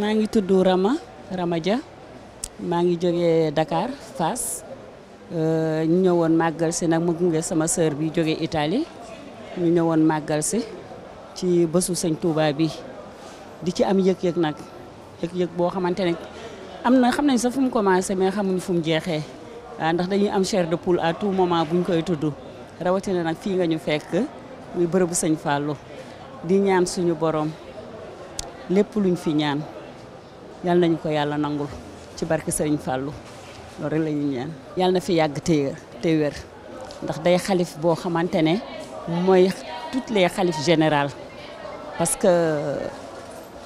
maa ngi tudd Rama Rama ja maa ngi jóge dakaar Fass euh, ñu ñëwoon màggal si nag mu gunge sama sœur bi jógee itali ñu ñëwoon màggal si ci bésu sëñ Touba bi di ci am yëg-yëg nag yëg-yëg boo xamante ne am na xam nañ sax fu mu commencé mais xamuñu fu mu jeexee ah, ndax dañuy am cher de poule à tout moment buñ koy tudd rawatina nag fii nga ñu fekk muy bërëbu sëñ Fallou di ñaan suñu borom lépp luñ fi ñaan. yàlla nañu ko yàlla nangul ci barke Sëriñ Fallou loolu rek la ñuy ñaan. yàlla na fi yàgg te wér ndax day xalif boo xamante ne mooy toutes les xalif général parce que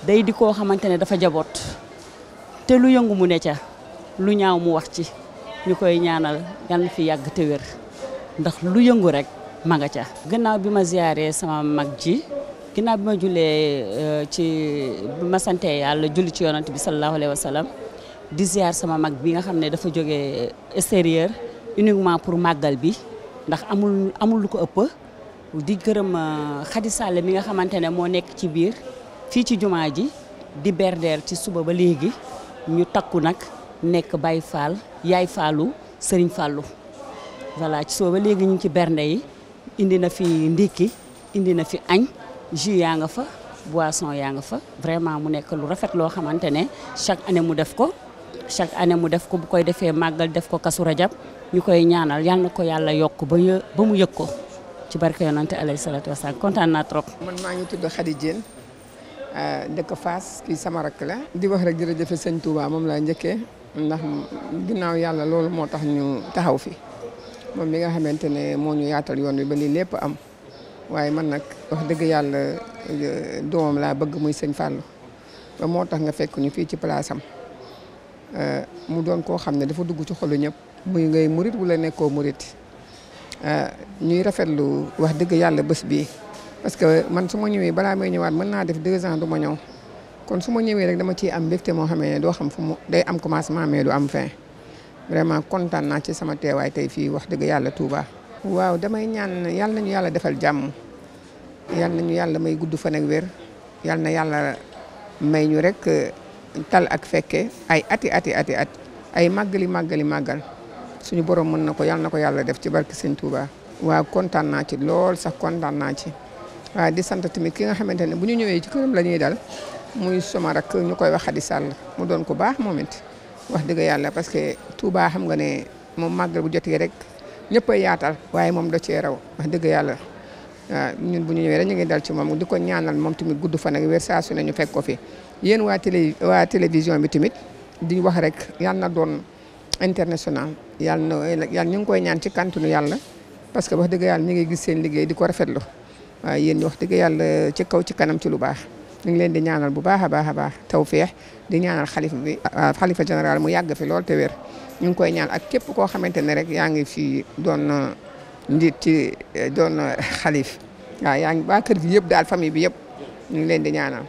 day di koo xamante ne dafa jaboot te lu yëngu mu ne ca lu ñaaw mu wax ci ñu koy ñaanal yàlla na fi yàgg te wér ndax lu yëngu rek ma ca. gannaaw bi ma ziaree sama mag ji. ginnaaw bi ma jullee euh, ci bi ma yàlla julli ci yoonant bi sallallahu alayhi wa sallam di ziar sama mag bi nga xam ne dafa jóge extérieur uniquement pour màggal bi ndax amul amul lu ko ëpp di gërëm euh, Khady Sall mi nga xamante ne moo nekk ci biir fii ci jumaa ji di berdeer ci suba ba léegi ñu takku nag nekk bay Fall Yaay Fallu Sëriñ Fallu voilà ci suba ba léegi ñu ci bernde yi indi na fi ndékki indi na fi añ jus yaa nga fa boisson yaa nga fa vraiment mu nekk lu rafet loo xamante ne chaque année mu def ko chaque année mu def ko bu koy defee màggal def ko kasu rajab ñu koy ñaanal yal na ko yàlla yokk ba ba mu yëg ko ci barke yonante alayhi salaatu wasalaam kontaan naa trop. man maa ngi tudd Khady Diène euh, dëkk Fass kii sama rakk la. di wax rek jërëjëf sëñ Touba moom laa njëkkee ndax ginnaaw yàlla loolu moo tax ñu taxaw fi moom mi nga xamante ne moo ñu yaatal yoon wi ba lii lépp am. waaye man nag wax dëgg yàlla euh, doom laa bëgg muy sëñ Fallou ba moo tax nga fekk ñu fii ci place am euh, mu doon koo xam ne dafa dugg ci xolu ñëpp muy ngay murit wala nekkoo murit euh, ñuy rafetlu wax dëgg yàlla bés bii. parce que man su ma ñëwee balaa may ñëwaat mën naa def deux ans du ma ñëw kon su ma ñëwee rek dama ciy am mbégte moo xamee ne doo xam fu mu day am commencement mais du am fin vraiment kontaan naa ci sama teewaay tey fii wax dëgg yàlla Touba. waaw damay ñaan yàlla nañu yàlla defal jàmm yal nañu yàlla may gudd fan ak wér yàlla na yàlla may ñu rek uh, tal ak fekke ay ati ati ati at ay màggali màggali màggal suñu borom mën na ko yàlla na ko yàlla def ci barki sëñ Touba. waaw kontaan naa ci lool sax kontaan naa ci waaw di sant tamit ki nga xamante ne bu ñu ñëwee ci këram la ñuy dal muy sama rakk ñu koy wax Xadi Sàll mu doon ko baax moom it wax dëgg yàlla parce que Touba xam nga ne moom màggal bu jotee rek. ñëpp yaatal waaye moom da cee raw wax dëgg yàlla waaw ñun bu ñu ñëwee rek ñu ngi dal ci moom di ko ñaanal moom tamit gudd fa nag wér saa ñu fekk ko fi yéen waa télé waa télévision bi tamit di wax rek yal na doon international yal na yal ñu ngi koy ñaan ci kantunu yàlla parce que wax dëgg yàlla ñu ngi gis seen liggéey di ko rafetlu waaw yéen ñu wax dëgg yàlla ci kaw ci kanam ci lu baax. ñu ngi leen di ñaanal bu baax a baax a baax tawféex di ñaanal xalifa bi euh, xalifa général mu yàgg fi lool te wér ñu ngi koy ñaan ak képp koo xamante ne rek yaa ngi fi doon euh, njiit ci euh, doon xalif waaw yaa ngi ba kër gi yëpp daal famille bi yëpp ñu ngi leen di ñaanal